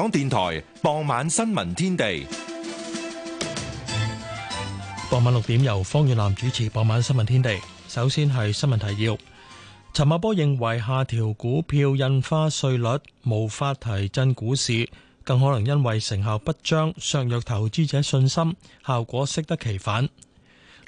港電台傍晚新聞天地，傍晚六點由方遠南主持。傍晚新聞天地，首先係新聞提要。陳茂波認為下調股票印花稅率無法提振股市，更可能因為成效不彰，削弱投資者信心，效果適得其反。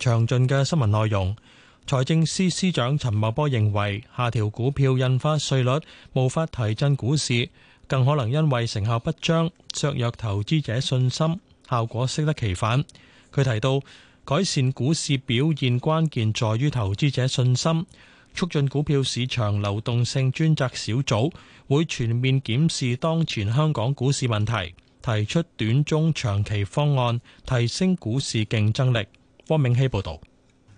詳盡嘅新聞內容。財政司司長陳茂波認為下調股票印花稅率無法提振股市，更可能因為成效不彰，削弱投資者信心，效果適得其反。佢提到改善股市表現關鍵在於投資者信心，促進股票市場流動性。專責小組會全面檢視當前香港股市問題，提出短中長期方案，提升股市競爭力。方明希報道。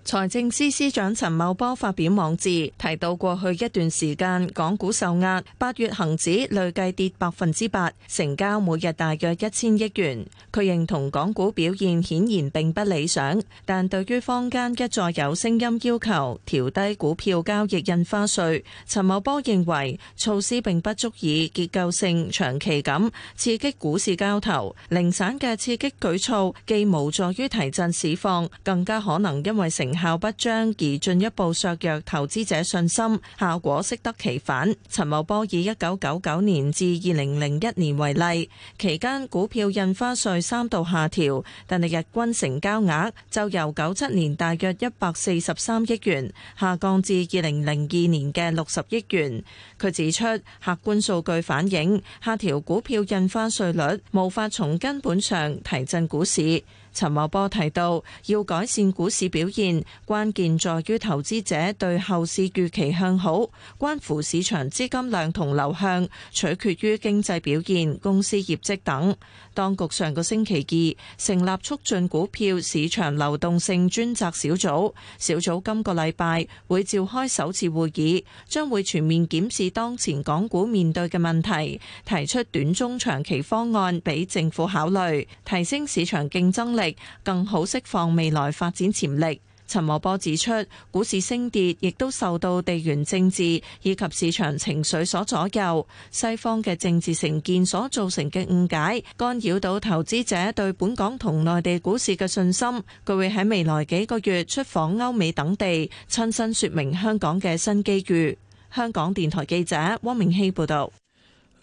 財政司司長陳茂波發表網誌，提到過去一段時間港股受壓，八月恒指累計跌百分之八，成交每日大約一千億元。佢認同港股表現顯然並不理想，但對於坊間一再有聲音要求調低股票交易印花稅，陳茂波認為措施並不足以結構性、長期咁刺激股市交投，零散嘅刺激舉措既無助於提振市況，更加可能因為成。成效不彰而進一步削弱投資者信心，效果適得其反。陳茂波以一九九九年至二零零一年為例，期間股票印花稅三度下調，但日均成交額就由九七年大約一百四十三億元下降至二零零二年嘅六十億元。佢指出，客觀數據反映下調股票印花稅率無法從根本上提振股市。陳茂波提到，要改善股市表現，關鍵在於投資者對後市預期向好，關乎市場資金量同流向，取決於經濟表現、公司業績等。當局上個星期二成立促進股票市場流動性專責小組，小組今個禮拜會召開首次會議，將會全面檢視當前港股面對嘅問題，提出短中長期方案俾政府考慮，提升市場競爭力，更好釋放未來發展潛力。陳茂波指出，股市升跌亦都受到地緣政治以及市場情緒所左右，西方嘅政治成見所造成嘅誤解，干擾到投資者對本港同內地股市嘅信心。佢會喺未來幾個月出訪歐美等地，親身說明香港嘅新機遇。香港電台記者汪明熙報道。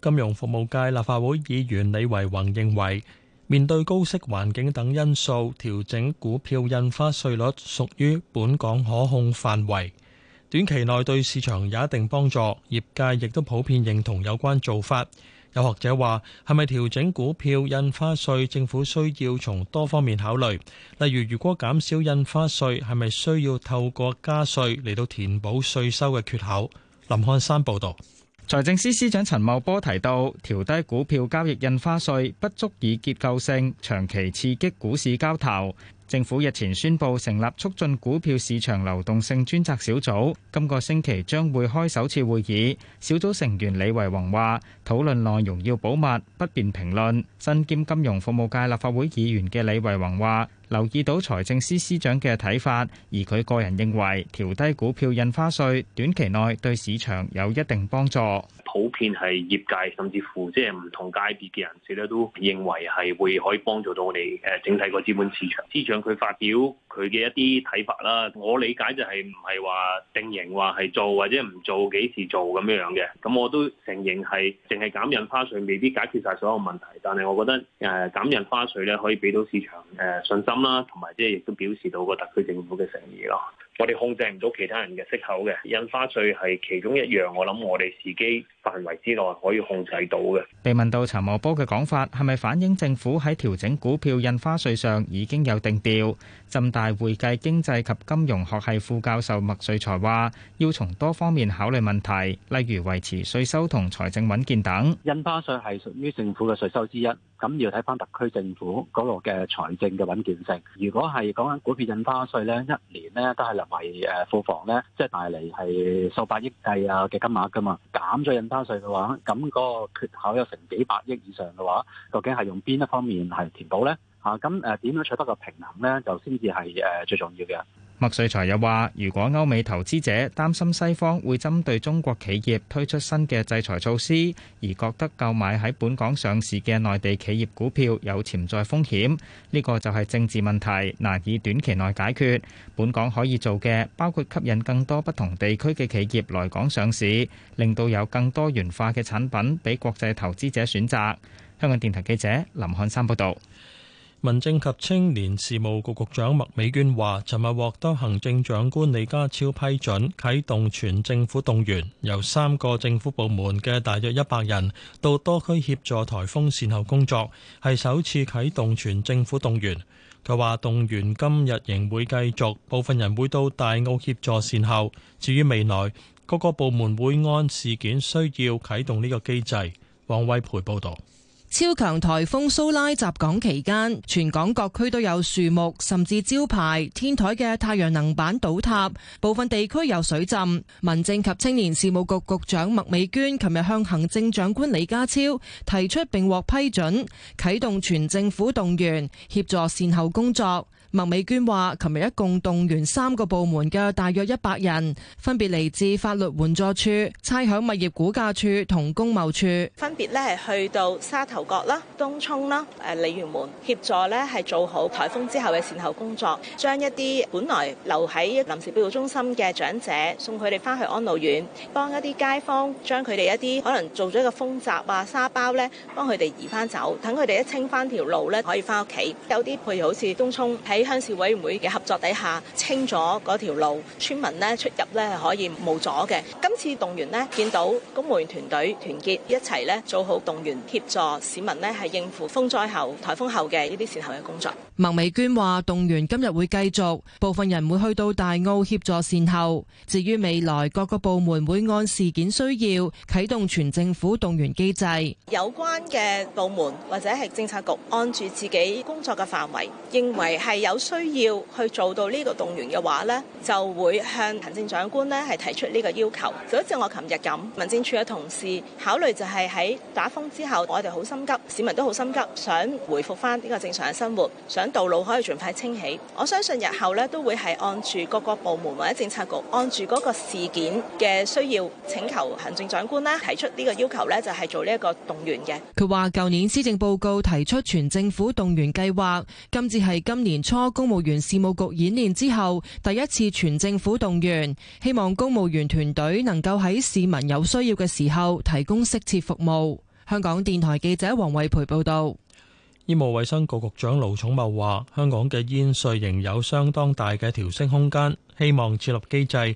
金融服務界立法會議員李惟宏認為。面對高息環境等因素，調整股票印花稅率屬於本港可控範圍，短期內對市場有一定幫助。業界亦都普遍認同有關做法。有學者話，係咪調整股票印花稅？政府需要從多方面考慮，例如如果減少印花稅，係咪需要透過加稅嚟到填補稅收嘅缺口？林漢山報導。財政司司長陳茂波提到，調低股票交易印花稅不足以結構性長期刺激股市交投。政府日前宣布成立促進股票市場流動性專責小組，今個星期將會開首次會議。小組成員李惟宏話：討論內容要保密，不便評論。身兼金融服務界立法會議員嘅李惟宏話。留意到財政司司長嘅睇法，而佢個人認為調低股票印花稅，短期內對市場有一定幫助。普遍係業界甚至乎即係唔同界別嘅人士咧，都認為係會可以幫助到我哋誒整體個資本市場。市長佢發表佢嘅一啲睇法啦，我理解就係唔係話定型話係做或者唔做、幾時做咁樣嘅。咁我都承認係淨係減印花稅未必解決晒所有問題，但係我覺得誒減印花稅咧可以俾到市場誒信心啦，同埋即係亦都表示到個特區政府嘅誠意咯。我哋控制唔到其他人嘅息口嘅，印花稅係其中一樣。我諗我哋自己範圍之內可以控制到嘅。被問到陳茂波嘅講法係咪反映政府喺調整股票印花稅上已經有定調？浸大會計經濟及金融學系副教授麥瑞才話：要從多方面考慮問題，例如維持稅收同財政穩健等。印花稅係屬於政府嘅稅收之一。咁要睇返特區政府嗰個嘅財政嘅穩健性。如果係講緊股票印花稅咧，一年咧都係立埋誒庫房咧，即係大嚟係數百億計啊嘅金額噶嘛。減咗印花稅嘅話，咁、那、嗰個缺口有成幾百億以上嘅話，究竟係用邊一方面係填補咧？嚇，咁誒點樣取得個平衡咧，就先至係誒最重要嘅。麥瑞才又話，如果歐美投資者擔心西方會針對中國企業推出新嘅制裁措施，而覺得購買喺本港上市嘅內地企業股票有潛在風險，呢個就係政治問題，難以短期內解決。本港可以做嘅包括吸引更多不同地區嘅企業來港上市，令到有更多元化嘅產品俾國際投資者選擇。香港電台記者林漢山報道。民政及青年事務局局長麥美娟話，尋日獲得行政長官李家超批准啟動全政府動員，由三個政府部門嘅大約一百人到多區協助台風善後工作，係首次啟動全政府動員。佢話動員今日仍會繼續，部分人會到大澳協助善後。至於未來，各個部門會按事件需要啟動呢個機制。王威培報道。超強颱風蘇拉襲港期間，全港各區都有樹木甚至招牌、天台嘅太陽能板倒塌，部分地區有水浸。民政及青年事務局局局長麥美娟琴日向行政長官李家超提出，並獲批准啟動全政府動員協助善後工作。麥美娟話，琴日一共動員三個部門嘅大約一百人，分別嚟自法律援助處、差餉物業估價處同公務處，分別咧係去到沙頭角啦、東涌啦、誒鯉魚門，協助咧係做好台風之後嘅善後工作，將一啲本來留喺一個臨時庇護中心嘅長者送佢哋翻去安老院，幫一啲街坊將佢哋一啲可能做咗一個風雜物、沙包呢，幫佢哋移翻走，等佢哋一清翻條路呢，可以翻屋企，有啲譬如好似東涌喺。喺鄉事委員會嘅合作底下，清咗嗰條路，村民呢，出入呢係可以冇阻嘅。今次動員呢，見到公務員團隊團結一齊呢，做好動員協助市民呢，係應付風災後、台風後嘅呢啲善後嘅工作。麥美娟話：動員今日會繼續，部分人會去到大澳協助善後。至於未來，各個部門會按事件需要啟動全政府動員機制。有關嘅部門或者係政策局按住自己工作嘅範圍，認為係有。有需要去做到呢個動員嘅話咧，就會向行政長官咧係提出呢個要求。就好似我琴日咁，民政處嘅同事考慮就係喺打風之後，我哋好心急，市民都好心急，想回復翻呢個正常嘅生活，想道路可以盡快清起，我相信日後咧都會係按住各個部門或者政策局按住嗰個事件嘅需要，請求行政長官咧提出呢個要求咧，就係做呢一個動員嘅。佢話舊年施政報告提出全政府動員計劃，今次係今年初。多公務員事務局演練之後，第一次全政府動員，希望公務員團隊能夠喺市民有需要嘅時候提供適切服務。香港電台記者黃惠培報道。醫務衛生局局長盧寵茂話：香港嘅煙稅仍有相當大嘅調升空間，希望設立機制。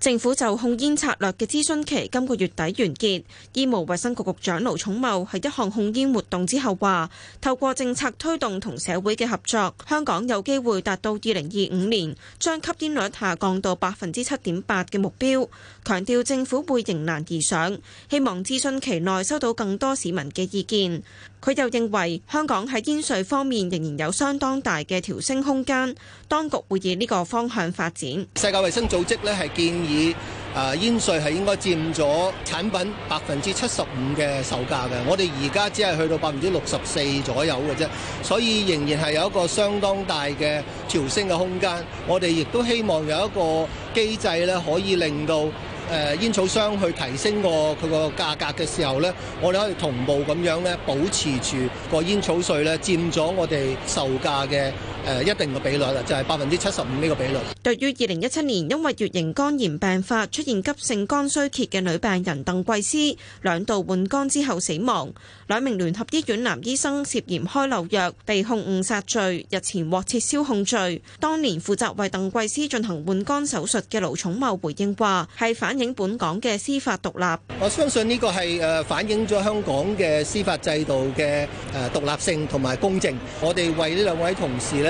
政府就控煙策略嘅諮詢期今個月底完結，醫務衛生局局長盧寵茂喺一項控煙活動之後話：透過政策推動同社會嘅合作，香港有機會達到二零二五年將吸煙率下降到百分之七點八嘅目標。強調政府會迎難而上，希望諮詢期內收到更多市民嘅意見。佢又認為香港喺煙稅方面仍然有相當大嘅調升空間，當局會以呢個方向發展。世界衛生組織呢係建議以煙稅係應該佔咗產品百分之七十五嘅售價嘅，我哋而家只係去到百分之六十四左右嘅啫，所以仍然係有一個相當大嘅調升嘅空間。我哋亦都希望有一個機制咧，可以令到誒煙草商去提升個佢個價格嘅時候呢，我哋可以同步咁樣咧，保持住個煙草稅咧佔咗我哋售價嘅，誒一定嘅比率啦，就係百分之七十五呢個比率。對於二零一七年因為乙型肝炎病發出現急性肝衰竭嘅女病人鄧桂思兩度換肝之後死亡，兩名聯合醫院男醫生涉嫌開漏藥，被控誤殺罪，日前獲撤銷控罪。當年負責為鄧桂思進行換肝手術嘅盧寵茂回應話：係反映本港嘅司法獨立。我相信呢個係誒反映咗香港嘅司法制度嘅誒獨立性同埋公正。我哋為呢兩位同事咧。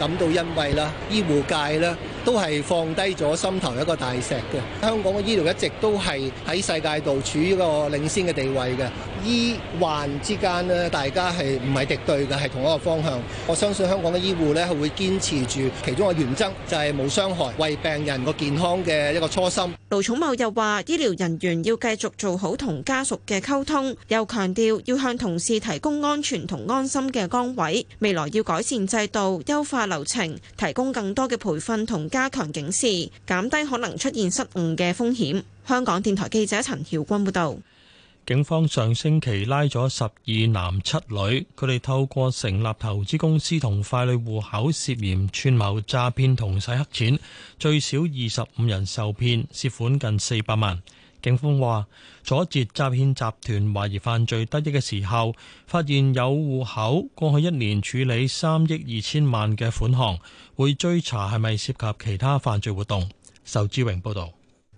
感到欣慰啦，醫護界咧都係放低咗心頭一個大石嘅。香港嘅醫療一直都係喺世界度處於個領先嘅地位嘅。醫患之間咧，大家係唔係敵對嘅，係同一個方向。我相信香港嘅醫護咧，係會堅持住其中嘅原則，就係冇傷害，為病人個健康嘅一個初心。盧寵茂又話，醫療人員要繼續做好同家屬嘅溝通，又強調要向同事提供安全同安心嘅崗位。未來要改善制度，優化流程提供更多嘅培訓同加強警示，減低可能出現失誤嘅風險。香港電台記者陳曉君報道：警方上星期拉咗十二男七女，佢哋透過成立投資公司同傀儡戶口涉嫌串謀詐騙同洗黑錢，最少二十五人受騙，涉款，近四百萬。警方話阻截詐騙集團懷疑犯罪得益嘅時候，發現有戶口過去一年處理三億二千萬嘅款項，會追查係咪涉及其他犯罪活動，仇志榮報道。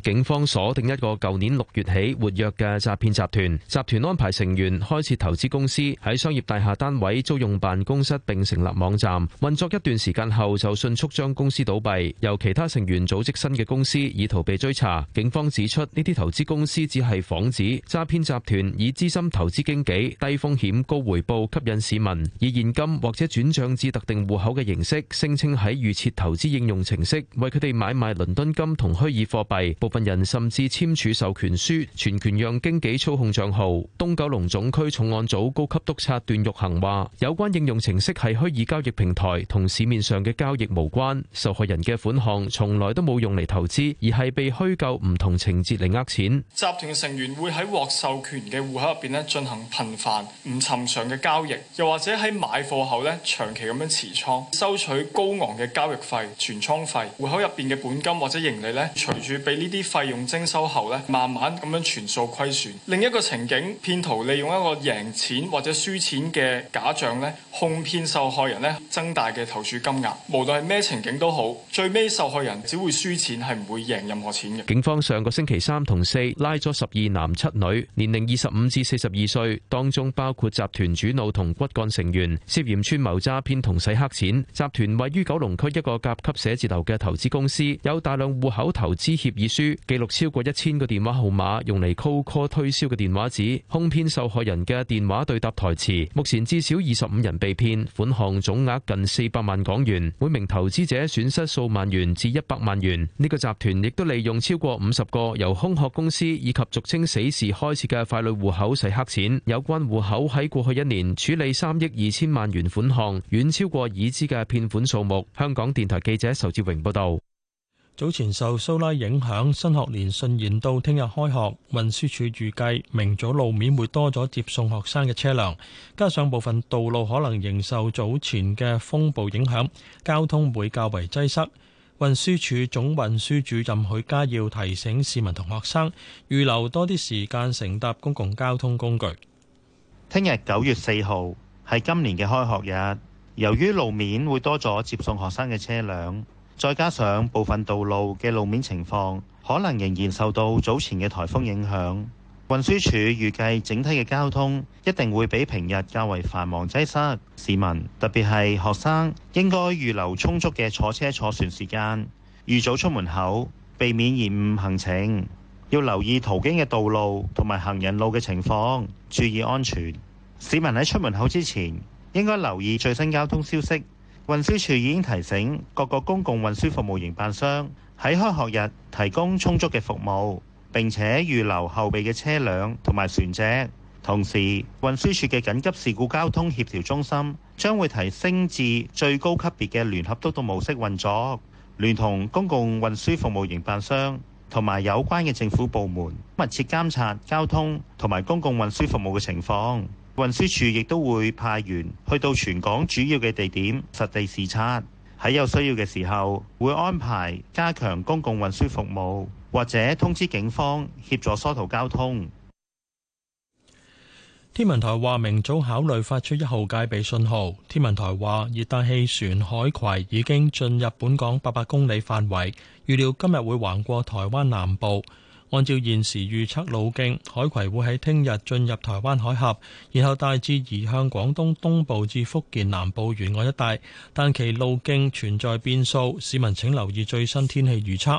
警方鎖定一個舊年六月起活躍嘅詐騙集團，集團安排成員開設投資公司，喺商業大廈單位租用辦公室，並成立網站運作一段時間後，就迅速將公司倒閉，由其他成員組織新嘅公司，以逃避追查。警方指出呢啲投資公司只係幌子，詐騙集團以資深投資經紀、低風險高回報吸引市民，以現金或者轉賬至特定戶口嘅形式，聲稱喺預設投資應用程式為佢哋買賣倫敦金同虛擬貨幣。部分人甚至簽署授權書，全權讓經紀操控賬號。東九龍總區重案組高級督察段玉恒話，有關應用程式係虛擬交易平台，同市面上嘅交易無關。受害人嘅款項從來都冇用嚟投資，而係被虛構唔同情節嚟呃錢。集團嘅成員會喺獲授權嘅戶口入邊呢進行頻繁唔尋常嘅交易，又或者喺買貨後呢長期咁樣持倉，收取高昂嘅交易費、存倉費。戶口入邊嘅本金或者盈利呢，隨住俾呢啲費用徵收後咧，慢慢咁樣全數虧損。另一個情景，騙徒利用一個贏錢或者輸錢嘅假象咧，哄騙受害人咧增大嘅投注金額。無論係咩情景都好，最尾受害人只會輸錢，係唔會贏任何錢嘅。警方上個星期三同四拉咗十二男七女，年齡二十五至四十二歲，當中包括集團主腦同骨幹成員，涉嫌串謀詐騙同洗黑錢。集團位於九龍區一個甲級寫字樓嘅投資公司，有大量戶口投資協議書，記錄超過一千個電話號碼，用嚟 call call 推銷嘅電話紙、哄騙受害人嘅電話對答台詞。目前至少二十五人被騙，款項總額近四百萬港元，每名投資者損失數萬元至一百萬元。呢個集團亦都利用超過五十個由空殼公司以及俗稱死士開設嘅傀儡戶口洗黑錢。有關戶口喺過去一年處理三億二千萬元款項，遠超過已知嘅騙款數目。香港電台記者仇志榮報道。早前受蘇拉影響，新學年順延到聽日開學。運輸署預計明早路面會多咗接送學生嘅車輛，加上部分道路可能仍受早前嘅風暴影響，交通會較為擠塞。運輸署總運輸主任許家耀提醒市民同學生預留多啲時間乘搭公共交通工具。聽日九月四號係今年嘅開學日，由於路面會多咗接送學生嘅車輛，再加上部分道路嘅路面情況可能仍然受到早前嘅颱風影響，運輸署預計整體嘅交通一定會比平日較為繁忙擠塞，市民特別係學生應該預留充足嘅坐車坐船時間預早出門口，避免延誤行程。要留意途經嘅道路同埋行人路嘅情況，注意安全。市民喺出門口之前應該留意最新交通消息。運輸署已經提醒各個公共運輸服務營辦商喺開學日提供充足嘅服務，並且預留後備嘅車輛同埋船隻。同時，運輸署嘅緊急事故交通協調中心將會提升至最高級別嘅聯合督導模式運作，聯同公共運輸服務營辦商同埋有關嘅政府部門密切監察交通同埋公共運輸服務嘅情況。運輸處亦都會派員去到全港主要嘅地點實地視察，喺有需要嘅時候會安排加強公共運輸服務，或者通知警方協助疏導交通。天文台話明早考慮發出一號戒備信號。天文台話熱帶氣旋海葵已經進入本港八百公里範圍，預料今日會橫過台灣南部。按照現時預測路徑，海葵會喺聽日進入台灣海峽，然後大致移向廣東東部至福建南部沿岸一帶，但其路徑存在變數，市民請留意最新天氣預測。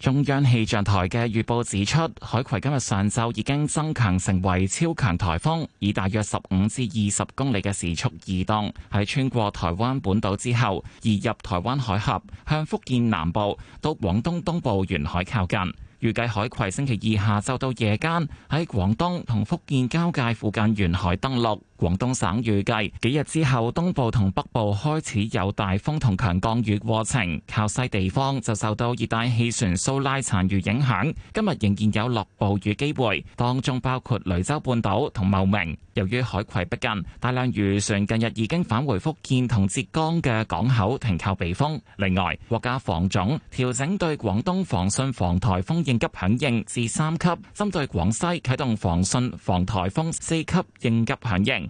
中央氣象台嘅預報指出，海葵今日上晝已經增強成為超強颱風，以大約十五至二十公里嘅時速移動，喺穿過台灣本島之後移入台灣海峽，向福建南部到廣東東部沿海靠近。預計海葵星期二下晝到夜間，喺廣東同福建交界附近沿海登陸。廣東省預計幾日之後，東部同北部開始有大風同強降雨過程，靠西地方就受到熱帶氣旋蘇拉殘餘影響。今日仍然有落暴雨機會，當中包括雷州半島同茂名。由於海葵逼近，大量漁船近日已經返回福建同浙江嘅港口停靠避風。另外，國家防總調整對廣東防汛防颱風應急響應至三級，針對廣西啟動防汛防颱風四級應急響應。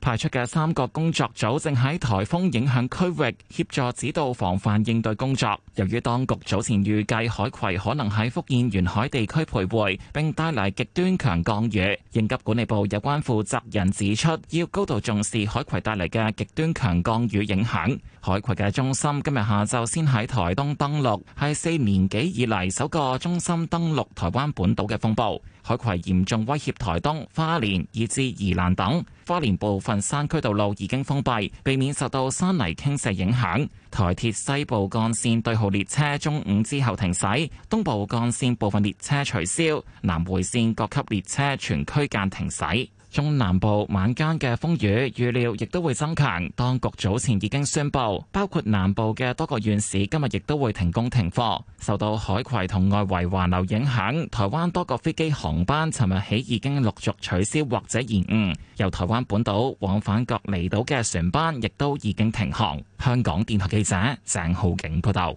派出嘅三個工作組正喺颱風影響區域協助指導防範應對工作。由於當局早前預計海葵可能喺福建沿海地區徘徊，並帶嚟極端強降雨，應急管理部有關負責人指出，要高度重視海葵帶嚟嘅極端強降雨影響。海葵嘅中心今日下晝先喺台東登陸，係四年幾以嚟首個中心登陸台灣本島嘅風暴。海葵嚴重威脅台東、花蓮以至宜蘭等花蓮部分。部分山區道路已經封閉，避免受到山泥傾瀉影響，台鐵西部幹線對號列車中午之後停駛，東部幹線部分列車取消，南迴線各級列車全區間停駛。中南部晚間嘅風雨預料亦都會增強，當局早前已經宣布，包括南部嘅多個縣市今日亦都會停工停課。受到海葵同外圍環流影響，台灣多個飛機航班尋日起已經陸續取消或者延誤，由台灣本島往返各離島嘅船班亦都已經停航。香港電台記者鄭浩景報道。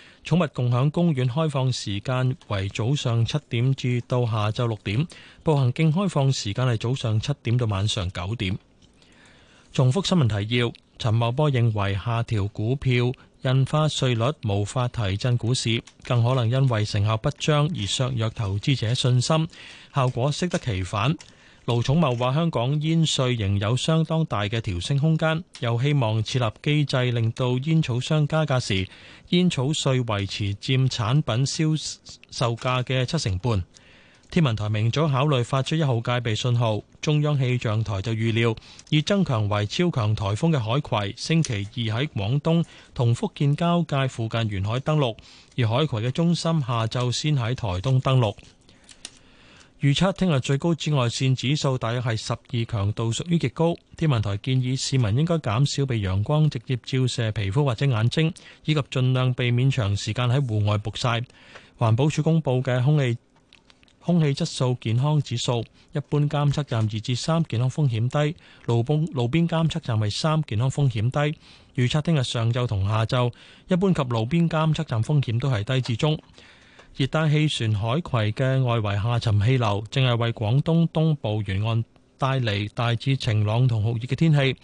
寵物共享公園開放時間為早上七點至到下晝六點，步行徑開放時間係早上七點到晚上九點。重複新聞提要：陳茂波認為下調股票印花稅率無法提振股市，更可能因為成效不彰而削弱投資者信心，效果適得其反。盧寵茂話：香港煙稅仍有相當大嘅調升空間，又希望設立機制，令到煙草商加價時，煙草稅維持佔產品銷售價嘅七成半。天文台明早考慮發出一號戒備信號。中央氣象台就預料，以增強為超強台風嘅海葵，星期二喺廣東同福建交界附近沿海登陸，而海葵嘅中心下晝先喺台東登陸。預測聽日最高紫外線指數大約係十二強度，屬於極高。天文台建議市民應該減少被陽光直接照射皮膚或者眼睛，以及盡量避免長時間喺戶外曝曬。環保署公布嘅空氣空氣質素健康指數，一般監測站二至三健康風險低，路崩路邊監測站係三健康風險低。預測聽日上晝同下晝，一般及路邊監測站風險都係低至中。熱帶氣旋海葵嘅外圍下沉氣流，正係為廣東東部沿岸帶嚟大致晴朗同酷熱嘅天氣。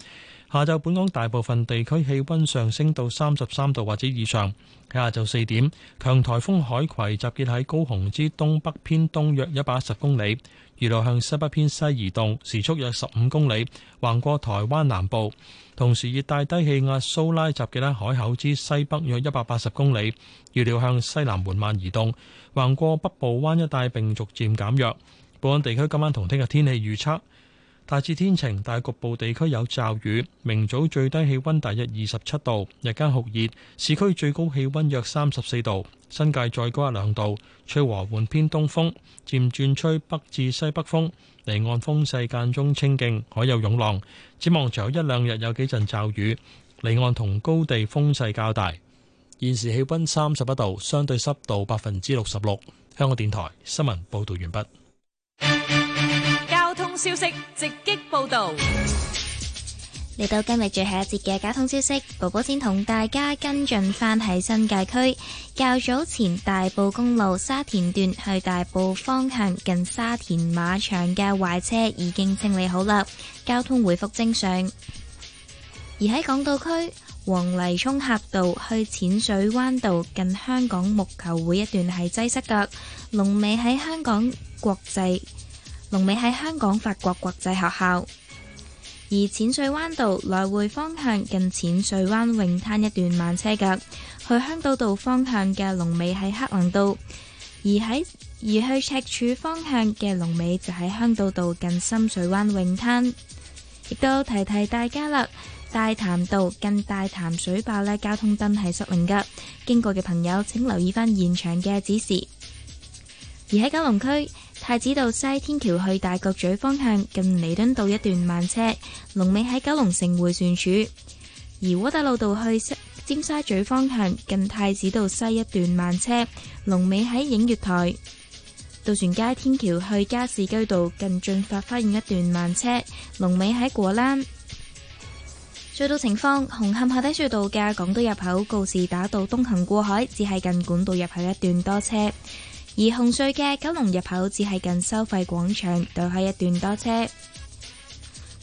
下晝本港大部分地區氣溫上升到三十三度或者以上。下晝四點，強颱風海葵集結喺高雄之東北偏東約一百一十公里，預料向西北偏西移動，時速約十五公里，橫過台灣南部。同時熱帶低氣壓蘇拉集結喺海口之西北約一百八十公里，預料向西南緩慢移動，橫過北部灣一帶並逐漸減弱。本港地區今晚同聽日天氣預測。大致天晴，但局部地區有驟雨。明早最低氣溫大約二十七度，日間酷熱，市區最高氣溫約三十四度，新界再高一兩度。吹和緩偏東風，漸轉吹北至西北風。離岸風勢間中清勁，海有湧浪。展望長有一兩日有幾陣驟雨，離岸同高地風勢較大。現時氣溫三十一度，相對濕度百分之六十六。香港電台新聞報道完畢。消息直擊報道嚟到今日最後一節嘅交通消息，寶寶先同大家跟進返喺新界區較早前大埔公路沙田段去大埔方向近沙田馬場嘅壞車已經清理好啦，交通回復正常。而喺港島區，黃泥涌峽道去淺水灣道近香港木球會一段係擠塞腳，龍尾喺香港國際。龍尾喺香港法國國際學校，而淺水灣道來回方向近淺水灣泳灘一段慢車格，去香島道方向嘅龍尾喺黑龍道，而喺而去赤柱方向嘅龍尾就喺香島道近深水灣泳灘。亦都提提大家啦，大潭道近大潭水壩呢交通燈係失靈噶，經過嘅朋友請留意翻現場嘅指示。而喺九龍區。太子道西天橋去大角咀方向近彌敦道一段慢車，龍尾喺九龍城回旋處；而窩打老道去尖沙咀方向近太子道西一段慢車，龍尾喺映月台。渡船街天橋去加士居道近駿發花園一段慢車，龍尾喺果欄。隧道情況：紅磡下低隧道嘅港島入口告士打道東行過海，只係近管道入口一段多車。而紅隧嘅九龍入口只係近收費廣場對開一段多車。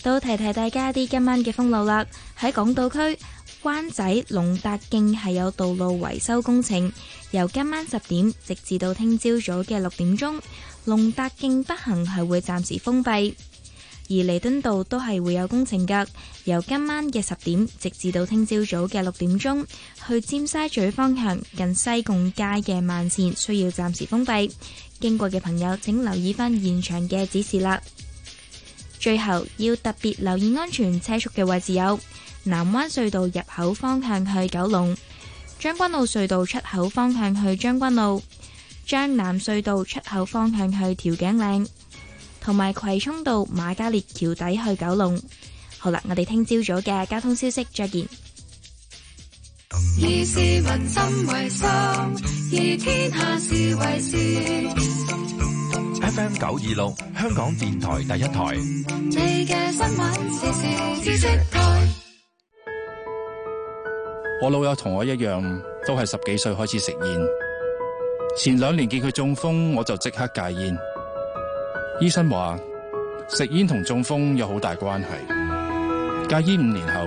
都提提大家啲今晚嘅封路啦，喺港島區灣仔龍達徑係有道路維修工程，由今晚十點直至到聽朝早嘅六點鐘，龍達徑北行係會暫時封閉。而彌敦道都係會有工程噶由今晚嘅十點直至到聽朝早嘅六點鐘，去尖沙咀方向近西貢街嘅慢線需要暫時封閉，經過嘅朋友請留意翻現場嘅指示啦。最後要特別留意安全車速嘅位置有南灣隧道入口方向去九龍，將軍澳隧道出口方向去將軍澳，將南隧道出口方向去調景嶺。同埋葵涌道瑪嘉烈橋底去九龍。好啦，我哋聽朝早嘅交通消息再見。以事為心為心，以天下事為事。FM 九二六，事事 26，香港電台第一台。你嘅新聞時時知識台。我老友同我一樣，都係十幾歲開始食煙。前兩年見佢中風，我就即刻戒煙。醫生話：食煙同中風有好大關係。戒煙五年後，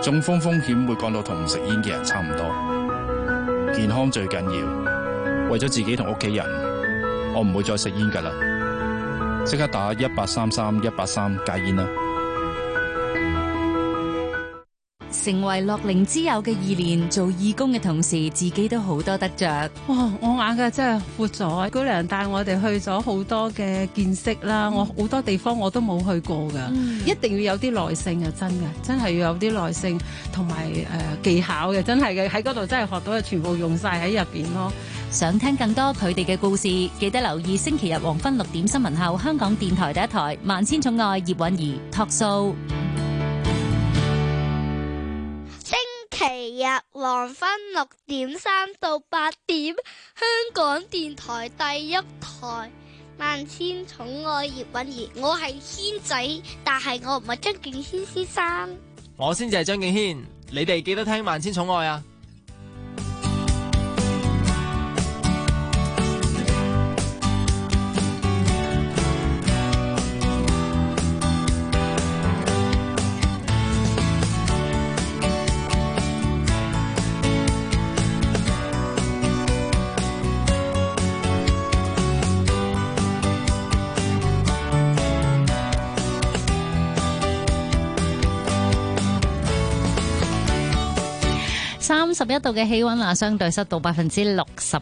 中風風險會降到同唔食煙嘅人差唔多。健康最緊要，為咗自己同屋企人，我唔會再食煙㗎啦。即刻打一八三三一八三戒煙啦！成為樂齡之友嘅義聯做義工嘅同時，自己都好多得着。哇！我眼界真係闊咗，姑娘帶我哋去咗好多嘅見識啦，嗯、我好多地方我都冇去過噶。嗯、一定要有啲耐性啊，真嘅，真係要有啲耐性同埋誒技巧嘅，真係嘅喺嗰度真係學到嘅全部用晒喺入邊咯。想聽更多佢哋嘅故事，記得留意星期日黃昏六點新聞後，香港電台第一台《萬千寵愛葉韻儀》Talk Show。黃昏六點三到八點，香港電台第一台《萬千寵愛葉韻儀》，我係軒仔，但係我唔係張敬軒先生。我先至係張敬軒，你哋記得聽《萬千寵愛》啊！一度嘅氣溫啊，相對濕度百分之六十。